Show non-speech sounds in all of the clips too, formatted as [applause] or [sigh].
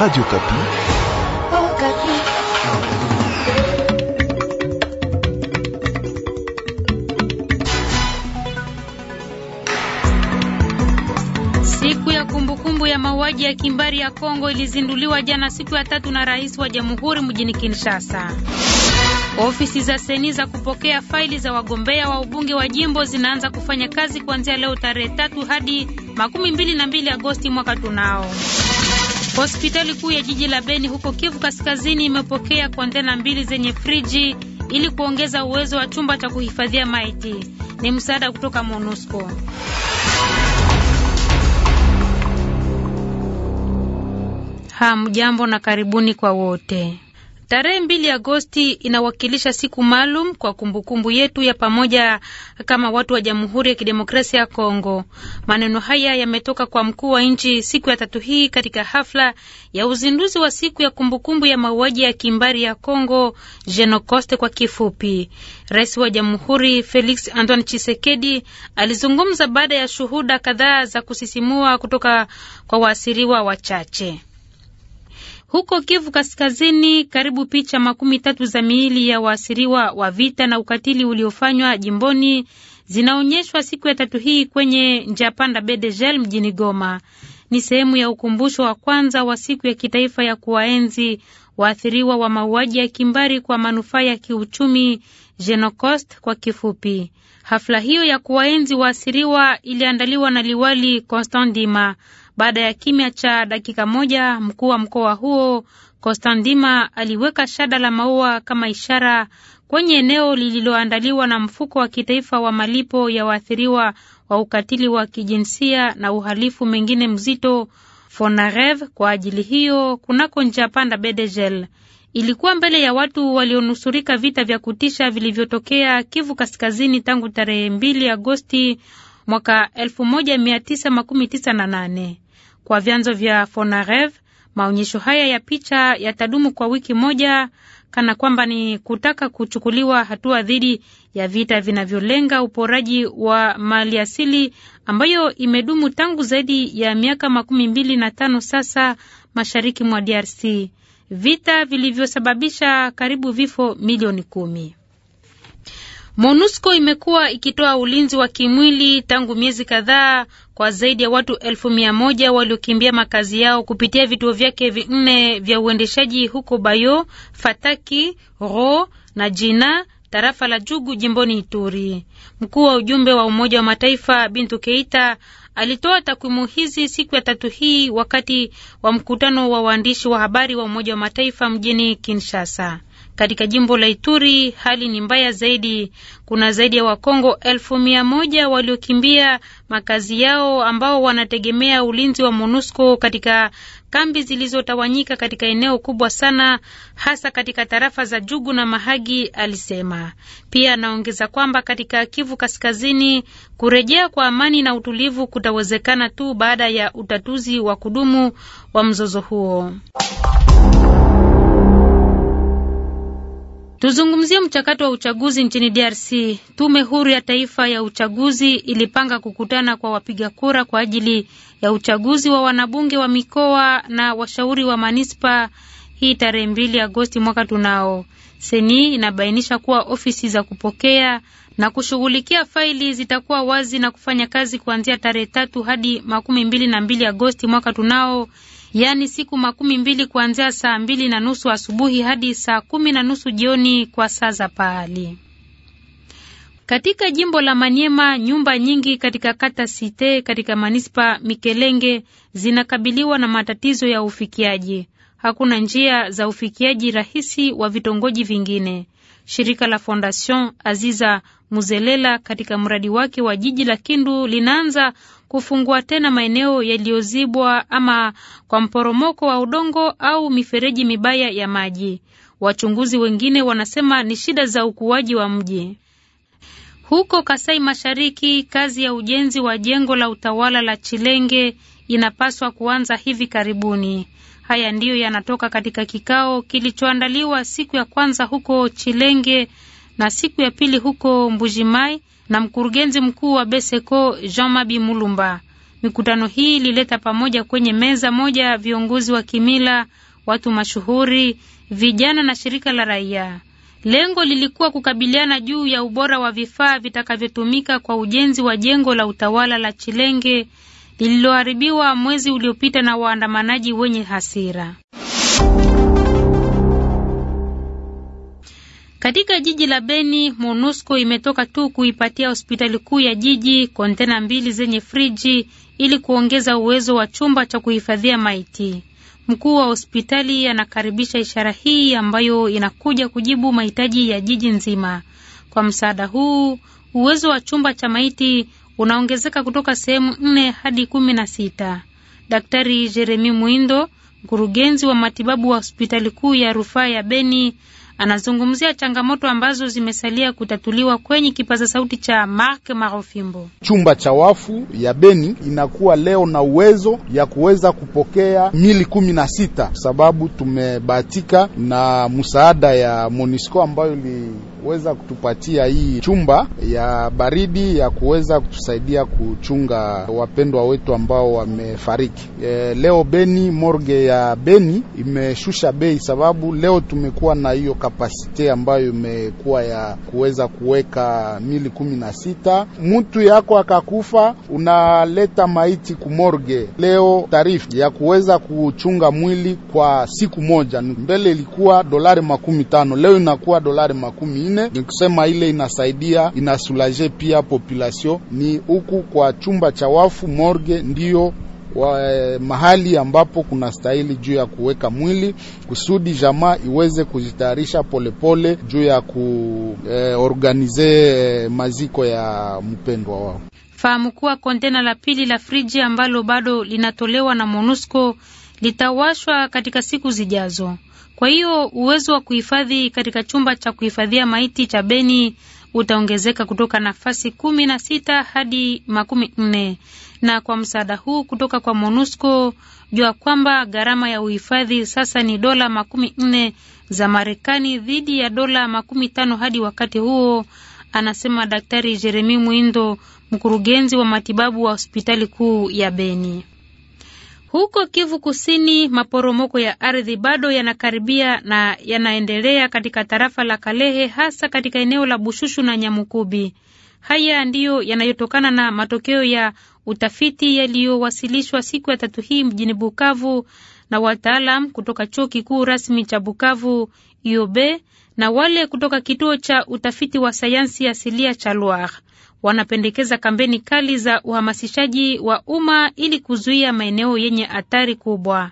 Radio Kapi. Oh, Kapi. Siku ya kumbukumbu ya mauaji ya kimbari ya Kongo ilizinduliwa jana siku ya tatu na Rais wa Jamhuri mjini Kinshasa. Ofisi za seni za kupokea faili za wagombea wa ubunge wa jimbo zinaanza kufanya kazi kuanzia leo tarehe tatu hadi makumi mbili na mbili Agosti mwaka tunao. Hospitali kuu ya jiji la Beni huko Kivu Kaskazini imepokea kontena mbili zenye friji ili kuongeza uwezo wa chumba cha kuhifadhia maiti. Ni msaada kutoka MONUSCO. Hamjambo na karibuni kwa wote. Tarehe mbili Agosti inawakilisha siku maalum kwa kumbukumbu yetu ya pamoja kama watu wa Jamhuri ya Kidemokrasia ya Kongo. Maneno haya yametoka kwa mkuu wa nchi siku ya tatu hii katika hafla ya uzinduzi wa siku ya kumbukumbu ya mauaji ya kimbari ya Kongo, jenocoste kwa kifupi. Rais wa Jamhuri Felix Antoine chisekedi alizungumza baada ya shuhuda kadhaa za kusisimua kutoka kwa waasiriwa wachache. Huko Kivu Kaskazini, karibu picha makumi tatu za miili ya waasiriwa wa vita na ukatili uliofanywa jimboni zinaonyeshwa siku ya tatu hii kwenye Njapanda Bedegel mjini Goma. Ni sehemu ya ukumbusho wa kwanza wa siku ya kitaifa ya kuwaenzi waathiriwa wa mauaji ya kimbari kwa manufaa ya kiuchumi Genocost kwa kifupi. Hafla hiyo ya kuwaenzi waathiriwa iliandaliwa na Liwali Constant Dima. Baada ya kimya cha dakika moja, mkuu wa mkoa huo costandima aliweka shada la maua kama ishara kwenye eneo lililoandaliwa na mfuko wa kitaifa wa malipo ya waathiriwa wa ukatili wa kijinsia na uhalifu mengine mzito Fonarev kwa ajili hiyo kunako njia panda Bedegel. Ilikuwa mbele ya watu walionusurika vita vya kutisha vilivyotokea Kivu Kaskazini tangu tarehe 2 Agosti mwaka 1998. Kwa vyanzo vya Fonarev, maonyesho haya ya picha yatadumu kwa wiki moja, kana kwamba ni kutaka kuchukuliwa hatua dhidi ya vita vinavyolenga uporaji wa maliasili ambayo imedumu tangu zaidi ya miaka makumi mbili na tano sasa mashariki mwa DRC, vita vilivyosababisha karibu vifo milioni kumi. MONUSCO imekuwa ikitoa ulinzi wa kimwili tangu miezi kadhaa kwa zaidi ya watu elfu mia moja waliokimbia makazi yao kupitia vituo vyake vinne vya uendeshaji huko Bayo, Fataki, Ro na Jina, tarafa la Jugu, jimboni Ituri. Mkuu wa ujumbe wa Umoja wa Mataifa Bintu Keita alitoa takwimu hizi siku ya tatu hii wakati wa mkutano wa waandishi wa habari wa Umoja wa Mataifa mjini Kinshasa. Katika jimbo la Ituri hali ni mbaya zaidi. Kuna zaidi ya Wakongo elfu mia moja waliokimbia makazi yao ambao wanategemea ulinzi wa MONUSCO katika kambi zilizotawanyika katika eneo kubwa sana, hasa katika tarafa za Jugu na Mahagi, alisema. Pia anaongeza kwamba katika Kivu Kaskazini, kurejea kwa amani na utulivu kutawezekana tu baada ya utatuzi wa kudumu wa mzozo huo. Tuzungumzie mchakato wa uchaguzi nchini DRC. Tume huru ya taifa ya uchaguzi ilipanga kukutana kwa wapiga kura kwa ajili ya uchaguzi wa wanabunge wa mikoa na washauri wa manispa hii tarehe mbili Agosti mwaka tunao. Seni inabainisha kuwa ofisi za kupokea na kushughulikia faili zitakuwa wazi na kufanya kazi kuanzia tarehe tatu hadi makumi mbili na mbili Agosti mwaka tunao yaani siku makumi mbili kuanzia saa mbili na nusu asubuhi hadi saa kumi na nusu jioni kwa saa za pahali. Katika jimbo la manyema nyumba nyingi katika kata Site katika manispa Mikelenge zinakabiliwa na matatizo ya ufikiaji hakuna njia za ufikiaji rahisi wa vitongoji vingine. Shirika la Fondation Aziza Muzelela katika mradi wake wa jiji la Kindu linaanza kufungua tena maeneo yaliyozibwa ama kwa mporomoko wa udongo au mifereji mibaya ya maji. Wachunguzi wengine wanasema ni shida za ukuaji wa mji. Huko Kasai Mashariki, kazi ya ujenzi wa jengo la utawala la Chilenge inapaswa kuanza hivi karibuni. Haya ndiyo yanatoka katika kikao kilichoandaliwa siku ya kwanza huko Chilenge na siku ya pili huko Mbujimai na mkurugenzi mkuu wa Beseco Jean Mabi Mulumba. Mikutano hii ilileta pamoja kwenye meza moja viongozi wa kimila, watu mashuhuri, vijana na shirika la raia. Lengo lilikuwa kukabiliana juu ya ubora wa vifaa vitakavyotumika kwa ujenzi wa jengo la utawala la Chilenge lililoharibiwa mwezi uliopita na waandamanaji wenye hasira. Katika jiji la Beni, MONUSCO imetoka tu kuipatia hospitali kuu ya jiji kontena mbili zenye friji ili kuongeza uwezo wa chumba cha kuhifadhia maiti. Mkuu wa hospitali anakaribisha ishara hii ambayo inakuja kujibu mahitaji ya jiji nzima. Kwa msaada huu, uwezo wa chumba cha maiti unaongezeka kutoka sehemu nne hadi kumi na sita. Daktari Jeremi Mwindo, mkurugenzi wa matibabu wa hospitali kuu ya rufaa ya Beni, anazungumzia changamoto ambazo zimesalia kutatuliwa kwenye kipaza sauti cha Mark Marofimbo. Chumba cha wafu ya Beni inakuwa leo na uwezo ya kuweza kupokea mili kumi na sita, sababu tumebahatika na msaada ya Monisco ambayo li kuweza kutupatia hii chumba ya baridi ya kuweza kutusaidia kuchunga wapendwa wetu ambao wamefariki. E, leo Beni morge ya Beni imeshusha bei, sababu leo tumekuwa na hiyo kapasite ambayo imekuwa ya kuweza kuweka mili kumi na sita. Mtu yako akakufa, unaleta maiti kumorge leo, tarifu ya kuweza kuchunga mwili kwa siku moja mbele ilikuwa dolari makumi tano, leo inakuwa dolari makumi nne. Ni kusema ile inasaidia inasulaje pia population. Ni huku kwa chumba cha wafu morgue ndiyo wa, mahali ambapo kuna stahili juu ya kuweka mwili kusudi jamaa iweze kujitayarisha polepole juu ya kuorganize eh, eh, maziko ya mpendwa wao. Fahamu kuwa kontena la pili la friji ambalo bado linatolewa na MONUSCO litawashwa katika siku zijazo. Kwa hiyo uwezo wa kuhifadhi katika chumba cha kuhifadhia maiti cha Beni utaongezeka kutoka nafasi kumi na sita hadi makumi nne na kwa msaada huu kutoka kwa MONUSCO jua kwamba gharama ya uhifadhi sasa ni dola makumi nne za Marekani dhidi ya dola makumi tano hadi wakati huo, anasema Daktari Jeremi Mwindo, mkurugenzi wa matibabu wa hospitali kuu ya Beni. Huko Kivu Kusini, maporomoko ya ardhi bado yanakaribia na yanaendelea katika tarafa la Kalehe, hasa katika eneo la Bushushu na Nyamukubi. Haya ndiyo yanayotokana na matokeo ya utafiti yaliyowasilishwa siku ya tatu hii mjini Bukavu na wataalam kutoka chuo kikuu rasmi cha Bukavu IOB na wale kutoka kituo cha utafiti wa sayansi asilia cha Loire wanapendekeza kampeni kali za uhamasishaji wa umma ili kuzuia maeneo yenye athari kubwa.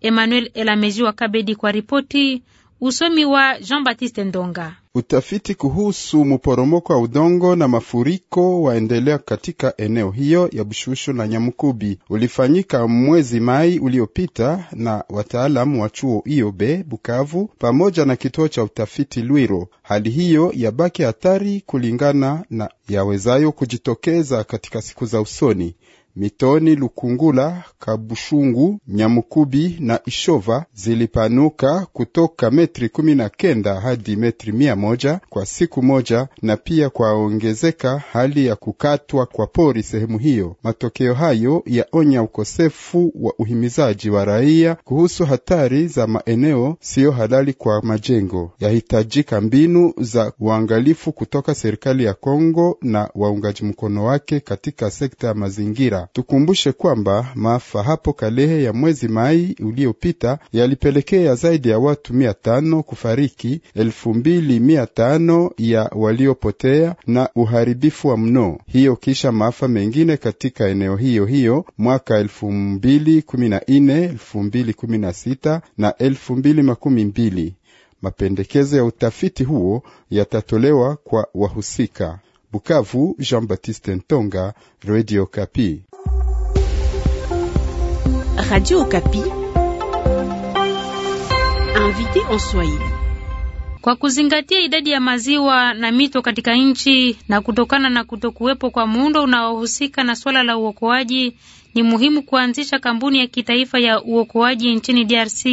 Emmanuel Elamejiwa Kabedi kwa ripoti, usomi wa Jean Baptiste Ndonga. Utafiti kuhusu mporomoko wa udongo na mafuriko waendelea katika eneo hiyo ya Bushushu na Nyamukubi ulifanyika mwezi Mai uliopita na wataalamu wa chuo iobe Bukavu pamoja na kituo cha utafiti Lwiro. Hali hiyo yabaki hatari kulingana na yawezayo kujitokeza katika siku za usoni mitoni Lukungula, Kabushungu, Nyamukubi na Ishova zilipanuka kutoka metri kumi na kenda hadi metri mia moja kwa siku moja, na pia kwaongezeka hali ya kukatwa kwa pori sehemu hiyo. Matokeo hayo yaonya ukosefu wa uhimizaji wa raia kuhusu hatari za maeneo siyo halali kwa majengo. Yahitajika mbinu za uangalifu kutoka serikali ya Kongo na waungaji mkono wake katika sekta ya mazingira. Tukumbushe kwamba maafa hapo Kalehe ya mwezi Mai uliopita yalipelekea zaidi ya watu mia tano kufariki, elfu mbili mia tano ya waliopotea na uharibifu wa mno, hiyo kisha maafa mengine katika eneo hiyo hiyo mwaka elfu mbili kumi na nne elfu mbili kumi na sita na elfu mbili makumi mbili. Mapendekezo ya utafiti huo yatatolewa kwa wahusika. Bukavu, Jean Baptiste Ntonga, Radio Kapi. Radio Okapi invité en Swahili. Kwa kuzingatia idadi ya maziwa na mito katika nchi na kutokana na kutokuwepo kwa muundo unaohusika na swala la uokoaji, ni muhimu kuanzisha kampuni ya kitaifa ya uokoaji nchini DRC.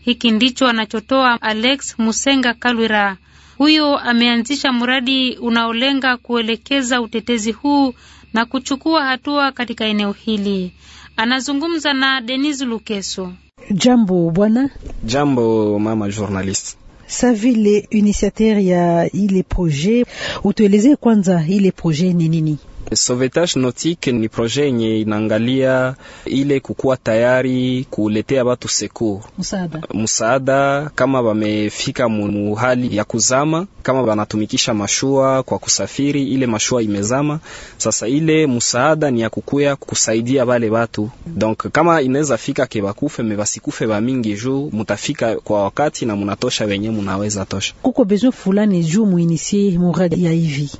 Hiki ndicho anachotoa Alex Musenga Kalwira. Huyo ameanzisha mradi unaolenga kuelekeza utetezi huu na kuchukua hatua katika eneo hili anazungumza na Denis Lukeso. Jambo bwana. Jambo mama journalist. Sa vile initiateur ya ile projet, utuelezee kwanza ile projet ni nini? Sauvetage nautique ni projet yenye inaangalia ile kukuwa tayari kuletea watu secours musaada, musaada kama wamefika mu hali ya kuzama, kama wanatumikisha mashua kwa kusafiri, ile mashua imezama. Sasa ile musaada ni ya kukuya kusaidia wale watu, donc kama inaweza fika ke bakufe me basikufe wa mingi, juu mutafika kwa wakati na munatosha wenye munaweza tosha. Kuko besoin fulani juu muinisie muradi ya hivi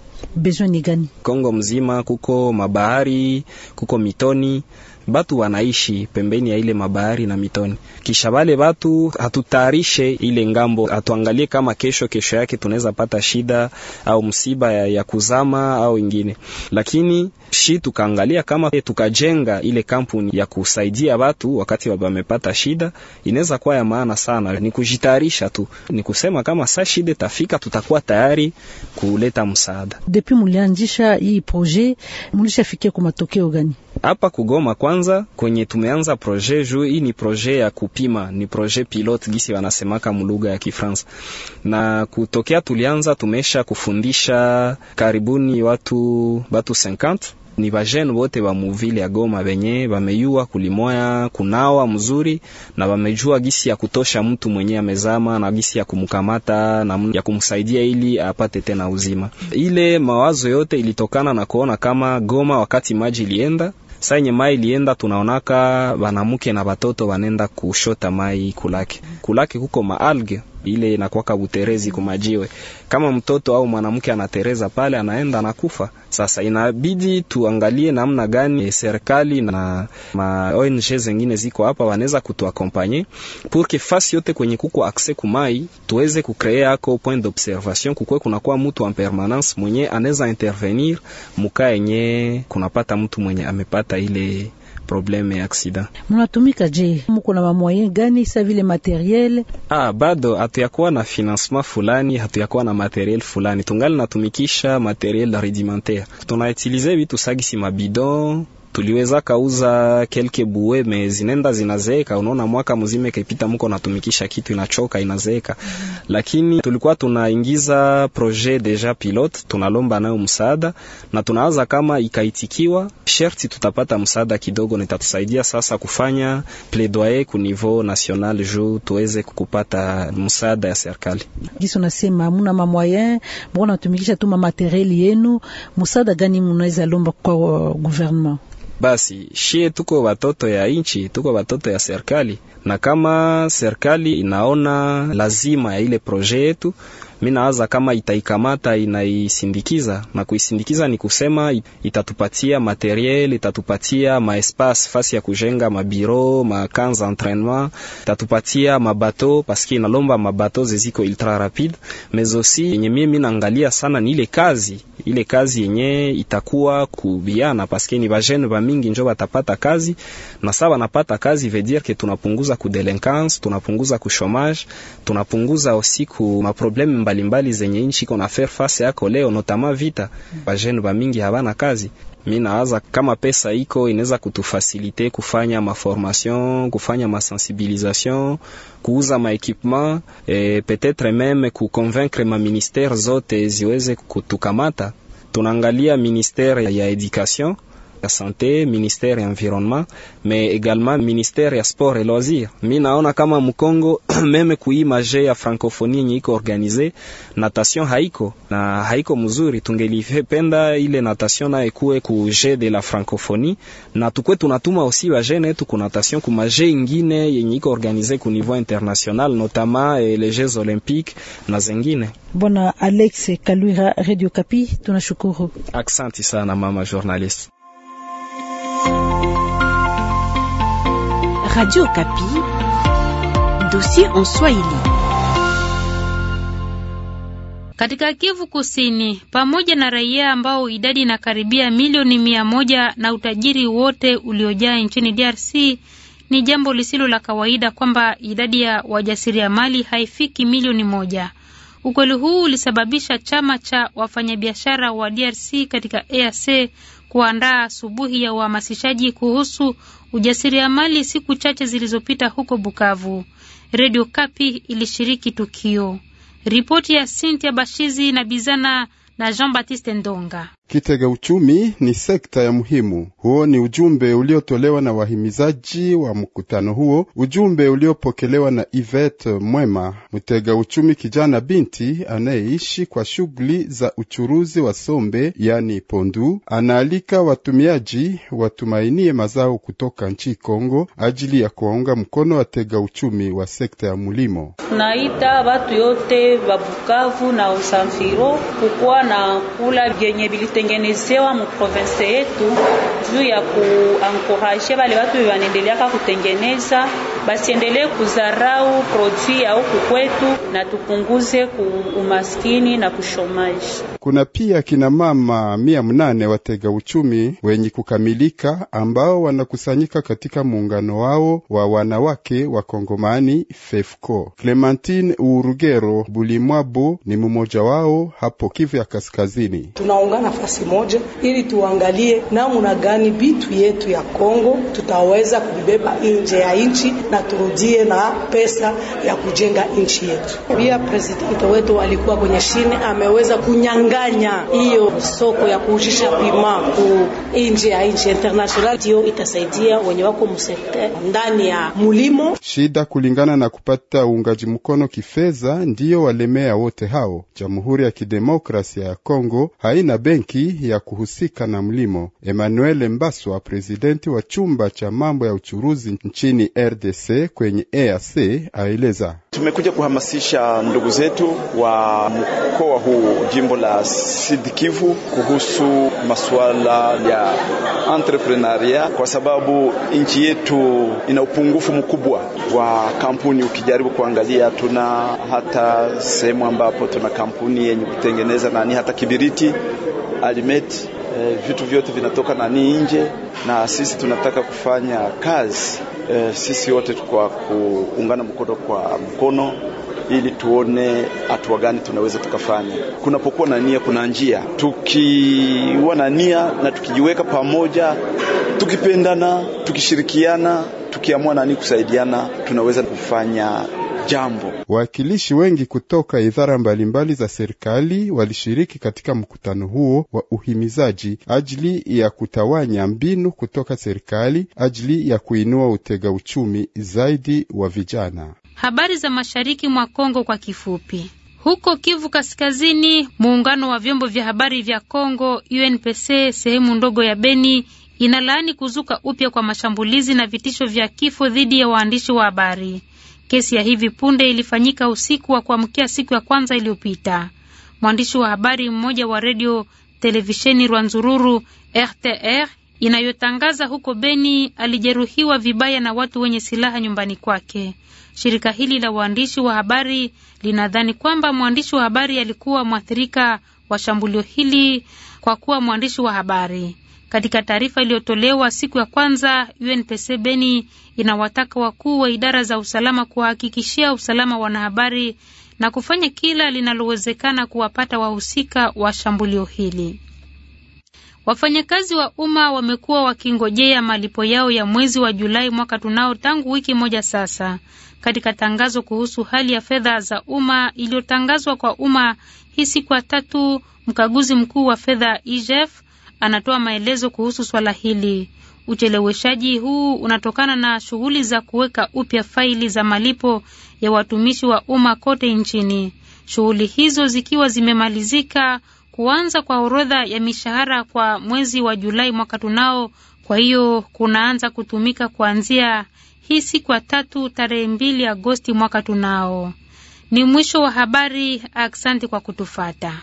Bezwe ni gani Kongo mzima? Kuko mabahari, kuko mitoni batu wanaishi pembeni ya ile mabahari na mitoni. Kisha wale batu hatutayarishe ile ngambo, atuangalie kama kesho kesho yake tunaweza pata shida au msiba ya, ya kuzama au ingine, lakini shi tukaangalia kama e, tukajenga ile kampuni ya kusaidia watu wakati wamepata shida, inaweza kuwa ya maana sana. Ni kujitayarisha tu, ni kusema kama saa shida tafika, tutakuwa tayari kuleta msaada. Depuis mulianzisha hii projet, mulishafikia kwa matokeo gani? hapa kugoma kwanza kwenye tumeanza proje ju hii ni proje ya kupima, ni proje pilot gisi wanasemaka mlugha ya kifransa Na kutokea tulianza tumesha kufundisha karibuni watu batu 50 ni bajene wote wa muvile ya Goma venye vameyua kulimoya kunawa mzuri na vamejua gisi ya kutosha mtu mwenye amezama na gisi ya kumkamata na ya kumsaidia ili apate tena uzima. Ile mawazo yote ilitokana na kuona kama Goma wakati maji ilienda Sa yenye mai lienda tunaonaka banamuke na batoto banenda kushota mai kulake. Kulake kuko maalge ile inakuwa kabuterezi kumajiwe. Kama mtoto au mwanamke anatereza pale, anaenda anakufa. Sasa inabidi tuangalie namna gani eh, serikali na ma ONG zengine ziko hapa wanaweza kutuakompanye pour que fasi yote kwenye kuko akse kumai tuweze kucrea ako point d'observation, kukwe kunakuwa mtu en permanence mwenye anaweza intervenir muka yenye kunapata mtu mwenye amepata ile probleme ya aksida. Mnatumika je, mko na mamoyen gani sa vile materiel? Ah, bado hatuyakuwa na financement fulani, hatuyakuwa na materiel fulani, tungali natumikisha materiel rudimentaire, tunautilize vitu sagisi mabidon tuliweza kauza kelke me zinenda zinazeeka. Unaona, mwaka mzima ikipita, mko natumikisha kitu inachoka inazeeka, lakini tulikuwa tunaingiza projet deja pilote, tunalomba nayo msaada na tunaanza kama ikaitikiwa, sherti tutapata msaada kidogo, nitatusaidia sasa kufanya plaidoyer ku niveau national juu tuweze kupata msaada ya serikali. Gisi unasema muna mamoyen, mbona natumikisha tu ma materiel yenu, msaada gani mnaweza lomba kwa uh, gouvernement? Basi shie tuko watoto ya nchi, tuko watoto ya serikali, na kama serikali inaona lazima ya ile proje yetu mi nawaza kama itaikamata inaisindikiza, na kuisindikiza ni kusema itatupatia materiel, itatupatia maespace fasi ya kujenga mabiro makanza entrainement, itatupatia mabato paske inalomba mabato zeziko ultra rapide. Mezosi yenye mie mi naangalia sana ni ile kazi ile kazi yenye itakuwa kubiana, paske ni bajene ba mingi njo batapata kazi, na saa wanapata kazi veut ke tunapunguza kudelinquence, tunapunguza kushomage, tunapunguza osi ku maprobleme mbalimbali zenye nchi iko na face yako leo notama vita bajene bamingi habana kazi. Mi naaza kama pesa iko inaweza kutufasilite kufanya maformation, kufanya masensibilisation, kuuza maekipement e, eh, peut-etre meme kuconvaincre maministere zote ziweze kutukamata. Tunaangalia ministere ya education santé, ministère ya environnement, mais également ministère ya sport et loisirs. Mi naona kama Mkongo [clears throat] meme kuimaje ya francophonie yenye organisé, organize, natation haiko na haiko mzuri. Tungelipenda ile natation na ikuwe ku jeu de la francophonie, na tukwe tunatuma osi wa jene yetu ku natation ku maje ingine yenye iko organize ku niveau international, notamment eh, les jeux olympiques na zengine. Bwana Alex Kalwira, Radio Kapi, tunashukuru. Aksanti sana mama journaliste Radio Kapi, dossier en Swahili. Katika Kivu Kusini, pamoja na raia ambao idadi inakaribia milioni mia moja na utajiri wote uliojaa nchini DRC, ni jambo lisilo la kawaida kwamba idadi ya wajasiriamali haifiki milioni moja. Ukweli huu ulisababisha chama cha wafanyabiashara wa DRC katika EAC kuandaa asubuhi ya uhamasishaji kuhusu ujasiriamali siku chache zilizopita huko Bukavu. redio Kapi ilishiriki tukio. Ripoti ya Sintia Bashizi na Bizana na Jean Baptiste Ndonga. Kitega uchumi ni sekta ya muhimu. Huo ni ujumbe uliotolewa na wahimizaji wa mkutano huo, ujumbe uliopokelewa na Ivet Mwema, mtega uchumi kijana binti anayeishi kwa shughuli za uchuruzi wa sombe, yani pondu. Anaalika watumiaji watumainie mazao kutoka nchi Kongo ajili ya kuwaunga mkono watega uchumi wa sekta ya mulimo. Naita watu yote wa Bukavu na usamfiro kukuwa na kula vyenye mu province yetu juu ya kuankuraje wale watu wanaendeleaka kutengeneza basiendelee kuzarau produit ya huku kwetu, na tupunguze umaskini na kushomaji. Kuna pia kina mama mia mnane watega uchumi wenye kukamilika ambao wanakusanyika katika muungano wao wa wanawake wa Kongomani FEFCO. Clementine Urugero bulimwabu ni mmoja wao hapo Kivu ya Kaskazini. Tunaungana nafasi moja, ili tuangalie namna gani bitu yetu ya Kongo tutaweza kubeba nje ya nchi na turudie na pesa ya kujenga nchi yetu. Pia presidente wetu alikuwa kwenye shine, ameweza kunyang'anya hiyo soko ya kuujisha pima ku nje ya nchi international, ndio itasaidia wenye wako msekta ndani ya mulimo. Shida kulingana na kupata uungaji mkono kifedha, ndiyo walemea wote hao. Jamhuri ya Kidemokrasia ya Kongo haina benki haki ya kuhusika na mlimo. Emmanuel Mbaswa, prezidenti wa chumba cha mambo ya uchuruzi nchini RDC kwenye EAC, aeleza tumekuja kuhamasisha ndugu zetu wa mkoa huu jimbo la Sidikivu kuhusu masuala ya entrepreneuria, kwa sababu nchi yetu ina upungufu mkubwa wa kampuni. Ukijaribu kuangalia, tuna hata sehemu ambapo tuna kampuni yenye kutengeneza nani hata kibiriti alimeti eh, vitu vyote vinatoka nani nje, na sisi tunataka kufanya kazi eh, sisi wote kwa kuungana mkono kwa mkono ili tuone hatua gani tunaweza tukafanya. Kunapokuwa na nia, kuna njia. Tukiwa na nia na tukijiweka pamoja, tukipendana, tukishirikiana, tukiamua nani kusaidiana, tunaweza kufanya jambo. Wawakilishi wengi kutoka idara mbalimbali za serikali walishiriki katika mkutano huo wa uhimizaji ajili ya kutawanya mbinu kutoka serikali ajili ya kuinua utega uchumi zaidi wa vijana. Habari za mashariki mwa Kongo kwa kifupi. Huko Kivu Kaskazini, muungano wa vyombo vya habari vya Kongo UNPC sehemu ndogo ya Beni inalaani kuzuka upya kwa mashambulizi na vitisho vya kifo dhidi ya waandishi wa habari. Kesi ya hivi punde ilifanyika usiku wa kuamkia siku ya kwanza iliyopita. Mwandishi wa habari mmoja wa redio televisheni Rwanzururu RTR inayotangaza huko Beni alijeruhiwa vibaya na watu wenye silaha nyumbani kwake. Shirika hili la waandishi wa habari linadhani kwamba mwandishi wa habari alikuwa mwathirika wa shambulio hili kwa kuwa mwandishi wa habari. Katika taarifa iliyotolewa siku ya kwanza, UNPC Beni inawataka wakuu wa idara za usalama kuwahakikishia usalama wanahabari na kufanya kila linalowezekana kuwapata wahusika wa shambulio hili. Wafanyakazi wa umma wamekuwa wakingojea malipo yao ya mwezi wa Julai mwaka tunao tangu wiki moja sasa. Katika tangazo kuhusu hali ya fedha za umma iliyotangazwa kwa umma hii siku ya tatu, mkaguzi mkuu wa fedha IGF anatoa maelezo kuhusu swala hili. Ucheleweshaji huu unatokana na shughuli za kuweka upya faili za malipo ya watumishi wa umma kote nchini. Shughuli hizo zikiwa zimemalizika kuanza kwa orodha ya mishahara kwa mwezi wa Julai mwaka tunao, kwa hiyo kunaanza kutumika kuanzia hii siku ya tatu tarehe mbili Agosti mwaka tunao. Ni mwisho wa habari. Asante kwa kutufata.